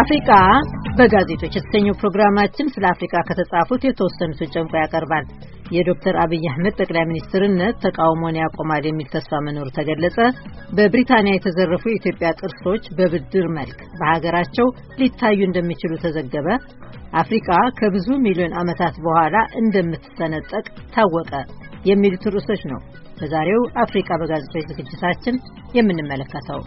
አፍሪካ በጋዜጦች የተሰኘው ፕሮግራማችን ስለ አፍሪካ ከተጻፉት የተወሰኑትን ጨምቆ ያቀርባል። የዶክተር አብይ አህመድ ጠቅላይ ሚኒስትርነት ተቃውሞን ያቆማል የሚል ተስፋ መኖሩ ተገለጸ። በብሪታንያ የተዘረፉ የኢትዮጵያ ቅርሶች በብድር መልክ በሀገራቸው ሊታዩ እንደሚችሉ ተዘገበ። አፍሪካ ከብዙ ሚሊዮን ዓመታት በኋላ እንደምትሰነጠቅ ታወቀ። የሚሉት ርዕሶች ነው በዛሬው አፍሪካ በጋዜጦች ዝግጅታችን የምንመለከተው።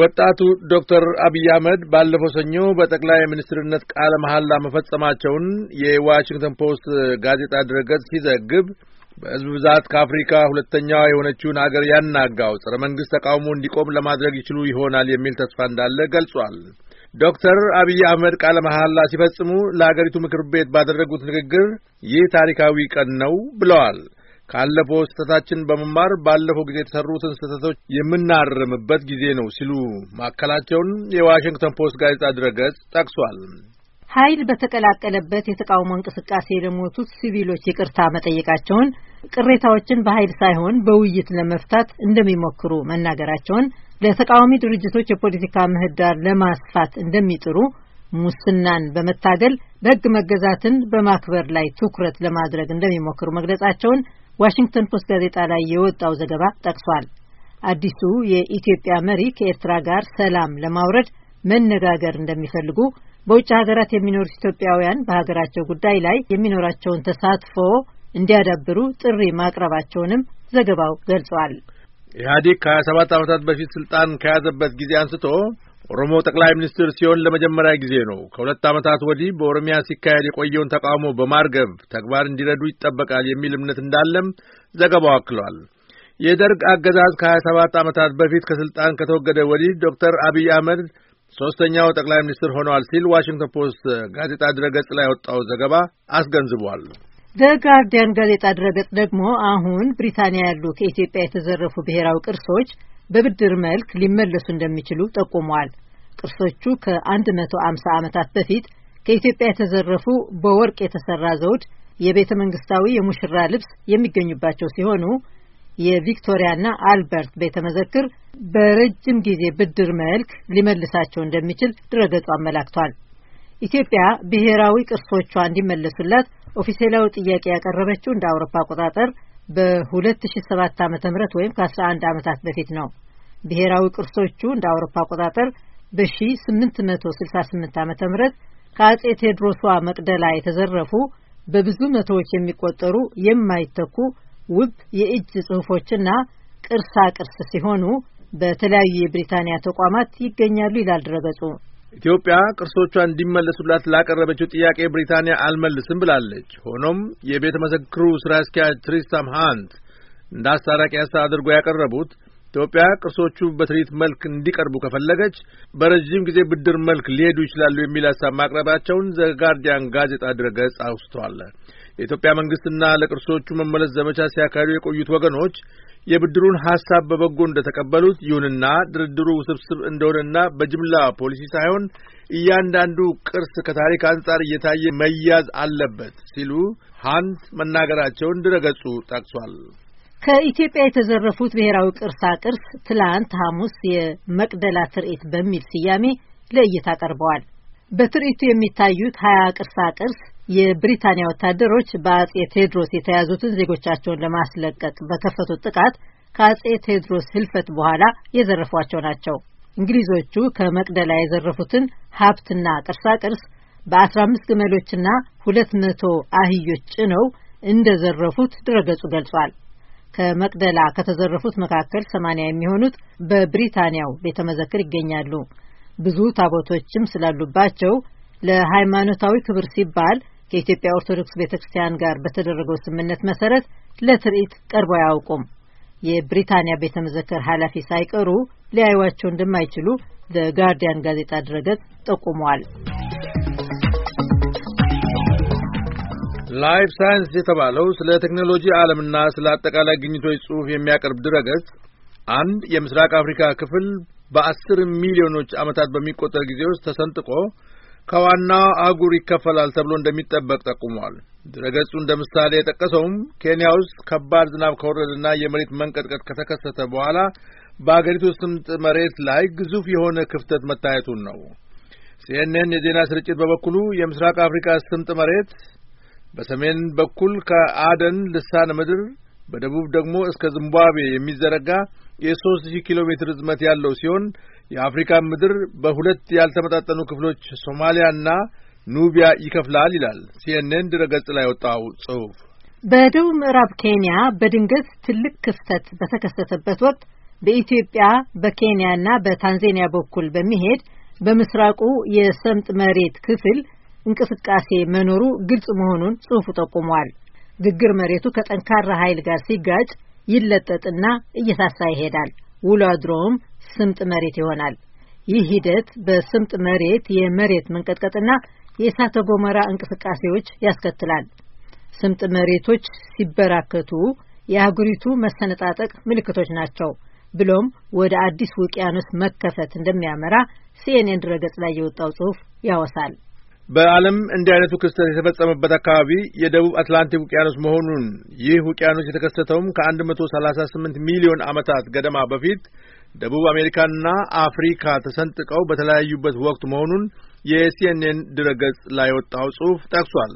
ወጣቱ ዶክተር አብይ አህመድ ባለፈው ሰኞ በጠቅላይ ሚኒስትርነት ቃለ መሐላ መፈጸማቸውን የዋሽንግተን ፖስት ጋዜጣ ድረገጽ ሲዘግብ በሕዝብ ብዛት ከአፍሪካ ሁለተኛዋ የሆነችውን አገር ያናጋው ጸረ መንግስት ተቃውሞ እንዲቆም ለማድረግ ይችሉ ይሆናል የሚል ተስፋ እንዳለ ገልጿል። ዶክተር አብይ አህመድ ቃለ መሐላ ሲፈጽሙ ለአገሪቱ ምክር ቤት ባደረጉት ንግግር ይህ ታሪካዊ ቀን ነው ብለዋል። ካለፈው ስህተታችን በመማር ባለፈው ጊዜ የተሰሩትን ስህተቶች የምናርምበት ጊዜ ነው ሲሉ ማዕከላቸውን የዋሽንግተን ፖስት ጋዜጣ ድረገጽ ጠቅሷል። ኃይል በተቀላቀለበት የተቃውሞ እንቅስቃሴ የለሞቱት ሲቪሎች ይቅርታ መጠየቃቸውን፣ ቅሬታዎችን በኃይል ሳይሆን በውይይት ለመፍታት እንደሚሞክሩ መናገራቸውን፣ ለተቃዋሚ ድርጅቶች የፖለቲካ ምህዳር ለማስፋት እንደሚጥሩ፣ ሙስናን በመታገል በሕግ መገዛትን በማክበር ላይ ትኩረት ለማድረግ እንደሚሞክሩ መግለጻቸውን ዋሽንግተን ፖስት ጋዜጣ ላይ የወጣው ዘገባ ጠቅሷል። አዲሱ የኢትዮጵያ መሪ ከኤርትራ ጋር ሰላም ለማውረድ መነጋገር እንደሚፈልጉ፣ በውጭ ሀገራት የሚኖሩ ኢትዮጵያውያን በሀገራቸው ጉዳይ ላይ የሚኖራቸውን ተሳትፎ እንዲያዳብሩ ጥሪ ማቅረባቸውንም ዘገባው ገልጿል። ኢህአዴግ ከሀያ ሰባት ዓመታት በፊት ስልጣን ከያዘበት ጊዜ አንስቶ ኦሮሞ ጠቅላይ ሚኒስትር ሲሆን ለመጀመሪያ ጊዜ ነው። ከሁለት ዓመታት ወዲህ በኦሮሚያ ሲካሄድ የቆየውን ተቃውሞ በማርገብ ተግባር እንዲረዱ ይጠበቃል የሚል እምነት እንዳለም ዘገባው አክሏል። የደርግ አገዛዝ ከሀያ ሰባት ዓመታት በፊት ከስልጣን ከተወገደ ወዲህ ዶክተር አብይ አህመድ ሶስተኛው ጠቅላይ ሚኒስትር ሆነዋል ሲል ዋሽንግተን ፖስት ጋዜጣ ድረገጽ ላይ ያወጣው ዘገባ አስገንዝቧል። ጋርዲያን ጋዜጣ ድረገጽ ደግሞ አሁን ብሪታንያ ያሉ ከኢትዮጵያ የተዘረፉ ብሔራዊ ቅርሶች በብድር መልክ ሊመለሱ እንደሚችሉ ጠቁመዋል። ቅርሶቹ ከ150 ዓመታት በፊት ከኢትዮጵያ የተዘረፉ በወርቅ የተሰራ ዘውድ፣ የቤተ መንግስታዊ የሙሽራ ልብስ የሚገኙባቸው ሲሆኑ የቪክቶሪያና አልበርት ቤተ መዘክር በረጅም ጊዜ ብድር መልክ ሊመልሳቸው እንደሚችል ድረገጹ አመላክቷል። ኢትዮጵያ ብሔራዊ ቅርሶቿ እንዲመለሱላት ኦፊሴላዊ ጥያቄ ያቀረበችው እንደ አውሮፓ አቆጣጠር በ2007 ዓ.ም ወይም ከ11 ዓመታት በፊት ነው። ብሔራዊ ቅርሶቹ እንደ አውሮፓ አቆጣጠር በ1868 ዓ.ም ከአጼ ቴዎድሮሷ መቅደላ የተዘረፉ በብዙ መቶዎች የሚቆጠሩ የማይተኩ ውብ የእጅ ጽሑፎችና ቅርሳ ቅርስ ሲሆኑ በተለያዩ የብሪታንያ ተቋማት ይገኛሉ ይላል ድረገጹ። ኢትዮጵያ ቅርሶቿ እንዲመለሱላት ላቀረበችው ጥያቄ ብሪታንያ አልመልስም ብላለች። ሆኖም የቤተ መዘክሩ ስራ አስኪያጅ ትሪስታም ሃንት እንደ አስታራቂ ሀሳብ አድርጎ ያቀረቡት ኢትዮጵያ ቅርሶቹ በትርኢት መልክ እንዲቀርቡ ከፈለገች በረዥም ጊዜ ብድር መልክ ሊሄዱ ይችላሉ የሚል ሀሳብ ማቅረባቸውን ዘጋርዲያን ጋዜጣ ድረገጽ አውስተዋል። የኢትዮጵያ መንግስትና ለቅርሶቹ መመለስ ዘመቻ ሲያካሂዱ የቆዩት ወገኖች የብድሩን ሀሳብ በበጎ እንደተቀበሉት፣ ይሁንና ድርድሩ ውስብስብ እንደሆነና በጅምላ ፖሊሲ ሳይሆን እያንዳንዱ ቅርስ ከታሪክ አንጻር እየታየ መያዝ አለበት ሲሉ ሀንት መናገራቸውን ድረገጹ ጠቅሷል። ከኢትዮጵያ የተዘረፉት ብሔራዊ ቅርሳ ቅርስ ትላንት ሐሙስ የመቅደላ ትርኢት በሚል ስያሜ ለእይታ ቀርበዋል። በትርኢቱ የሚታዩት ሀያ ቅርሳ ቅርስ የብሪታንያ ወታደሮች በአጼ ቴዎድሮስ የተያዙትን ዜጎቻቸውን ለማስለቀቅ በከፈቱት ጥቃት ከአጼ ቴዎድሮስ ሕልፈት በኋላ የዘረፏቸው ናቸው። እንግሊዞቹ ከመቅደላ የዘረፉትን ሀብትና ቅርሳ ቅርስ በ15 ግመሎችና መቶ አህዮች ጭነው እንደዘረፉት ድረገጹ ገልጿል። ከመቅደላ ከተዘረፉት መካከል ሰማንያ የሚሆኑት በብሪታንያው ቤተ መዘክር ይገኛሉ። ብዙ ታቦቶችም ስላሉባቸው ለሃይማኖታዊ ክብር ሲባል ከኢትዮጵያ ኦርቶዶክስ ቤተ ክርስቲያን ጋር በተደረገው ስምምነት መሰረት ለትርኢት ቀርቦ አያውቁም። የብሪታንያ ቤተ መዘክር ኃላፊ ሳይቀሩ ሊያዩዋቸው እንደማይችሉ ለጋርዲያን ጋዜጣ ድረገጽ ጠቁመዋል። ላይፍ ሳይንስ የተባለው ስለ ቴክኖሎጂ ዓለምና ስለ አጠቃላይ ግኝቶች ጽሑፍ የሚያቀርብ ድረገጽ አንድ የምስራቅ አፍሪካ ክፍል በአስር ሚሊዮኖች ዓመታት በሚቆጠር ጊዜ ውስጥ ተሰንጥቆ ከዋናው አህጉር ይከፈላል ተብሎ እንደሚጠበቅ ጠቁሟል። ድረገጹ እንደ ምሳሌ የጠቀሰውም ኬንያ ውስጥ ከባድ ዝናብ ከወረደና የመሬት መንቀጥቀጥ ከተከሰተ በኋላ በአገሪቱ ስምጥ መሬት ላይ ግዙፍ የሆነ ክፍተት መታየቱን ነው። ሲኤንኤን የዜና ስርጭት በበኩሉ የምስራቅ አፍሪካ ስምጥ መሬት በሰሜን በኩል ከአደን ልሳነ ምድር በደቡብ ደግሞ እስከ ዝምባብዌ የሚዘረጋ የሶስት ሺህ ኪሎ ሜትር ርዝመት ያለው ሲሆን የአፍሪካን ምድር በሁለት ያልተመጣጠኑ ክፍሎች ሶማሊያና ኑቢያ ይከፍላል ይላል ሲኤንኤን ድረገጽ ላይ ወጣው ጽሑፍ። በደቡብ ምዕራብ ኬንያ በድንገት ትልቅ ክፍተት በተከሰተበት ወቅት በኢትዮጵያ በኬንያና በታንዛኒያ በኩል በሚሄድ በምስራቁ የሰምጥ መሬት ክፍል እንቅስቃሴ መኖሩ ግልጽ መሆኑን ጽሑፉ ጠቁሟል። ግግር መሬቱ ከጠንካራ ኃይል ጋር ሲጋጭ ይለጠጥና እየሳሳ ይሄዳል። ውሎ አድሮም ስምጥ መሬት ይሆናል። ይህ ሂደት በስምጥ መሬት የመሬት መንቀጥቀጥና የእሳተ ገሞራ እንቅስቃሴዎች ያስከትላል። ስምጥ መሬቶች ሲበራከቱ የአህጉሪቱ መሰነጣጠቅ ምልክቶች ናቸው፣ ብሎም ወደ አዲስ ውቅያኖስ መከፈት እንደሚያመራ ሲኤንኤን ድረገጽ ላይ የወጣው ጽሑፍ ያወሳል። በዓለም እንዲህ አይነቱ ክስተት የተፈጸመበት አካባቢ የደቡብ አትላንቲክ ውቅያኖስ መሆኑን ይህ ውቅያኖስ የተከሰተውም ከ138 ሚሊዮን ዓመታት ገደማ በፊት ደቡብ አሜሪካና አፍሪካ ተሰንጥቀው በተለያዩበት ወቅት መሆኑን የሲኤንኤን ድረገጽ ላይ የወጣው ጽሑፍ ጠቅሷል።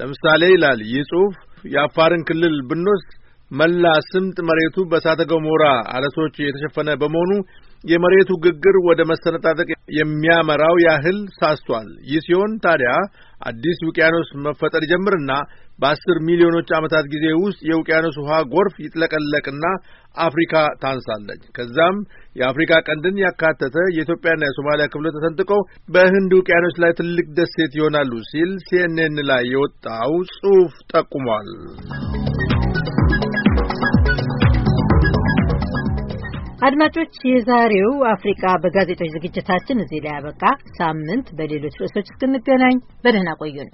ለምሳሌ ይላል ይህ ጽሑፍ የአፋርን ክልል ብንወስድ መላ ስምጥ መሬቱ በእሳተ ገሞራ አለቶች የተሸፈነ በመሆኑ የመሬቱ ግግር ወደ መሰነጣጠቅ የሚያመራው ያህል ሳስቷል። ይህ ሲሆን ታዲያ አዲስ ውቅያኖስ መፈጠር ይጀምርና በአስር ሚሊዮኖች ዓመታት ጊዜ ውስጥ የውቅያኖስ ውሃ ጎርፍ ይጥለቀለቅና አፍሪካ ታንሳለች። ከዛም የአፍሪካ ቀንድን ያካተተ የኢትዮጵያና የሶማሊያ ክፍሎች ተሰንጥቆ በህንድ ውቅያኖስ ላይ ትልቅ ደሴት ይሆናሉ ሲል ሲኤንኤን ላይ የወጣው ጽሑፍ ጠቁሟል። አድማጮች፣ የዛሬው አፍሪካ በጋዜጦች ዝግጅታችን እዚህ ላይ ያበቃ። ሳምንት በሌሎች ርዕሶች እስክንገናኝ በደህና ቆዩን።